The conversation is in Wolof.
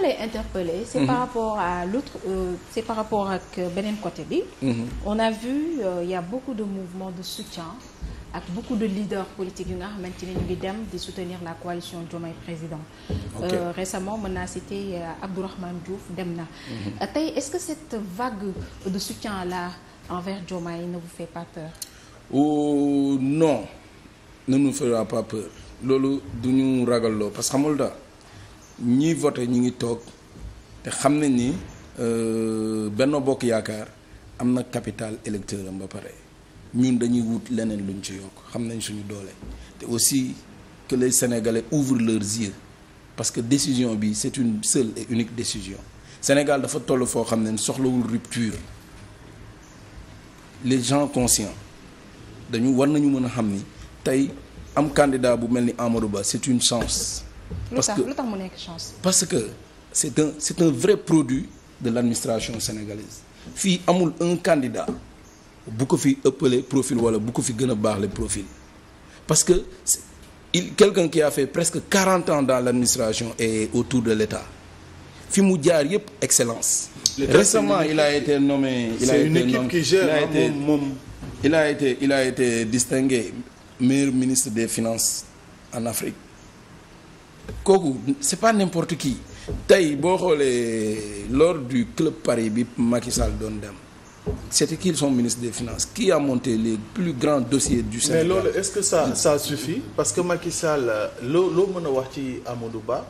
ma lay interpeller c'est par mhm. rapport à l'autre euh, ak beneen côté bi mhm. on a vu euh, il y a beaucoup de mouvements de soutien ak beaucoup de leaders politiques yu nga xamante ni ngi dem di soutenir la coalition Diomaye Président okay. euh, récemment mën naa citer euh, Abdourahmane Diouf dem na mhm. euh, tey est-ce que cette vague de soutien là envers Diomaye ne vous fait pas peur oh, non ne nous fera pas peur loolu du ñu ragalloo parce que xamul ñi voté ñi ngi toog te xam nañ ni euh, benn Bokk Yaakaar am na capital électeur am ba pare ñun dañuy wut leneen lu luñ ci yokk xam nañ suñu doole te aussi que les Sénégalais ouvrent leurs yeux parce que décision bi c'est une seule et unique décision Sénégal dafa toll foo xam ne soxlawul rupture les gens conscients dañu war nañu mën a xam ni tey am candidat bu mel ni Amadou Ba c'est une chance parce que lu parce que est un est un vrai produit de l' administration sénégalaise fii amul un candidat bu ko fi ëppalee profil wala bu ko fi gën a baax le profil parce que il quelqu'un qui a fait presque quarante ans dans l' administration et autour de l' État fi mu jaar yëpp excellence. récemment il a été nommé. moom il a été il a été distingué meilleur ministre des finances en Afrique. kooku c'est pas n'importe qui tey boo xoolee lors du club Paris bi Macky Sall doon dem c'était qui son ministre des finances qui a monté les plus grands dossiers du Sénégal mais loolu est-ce que ça ça suffit parce que Macky Sall euh, loo loo mën a wax ci Amadou Ba.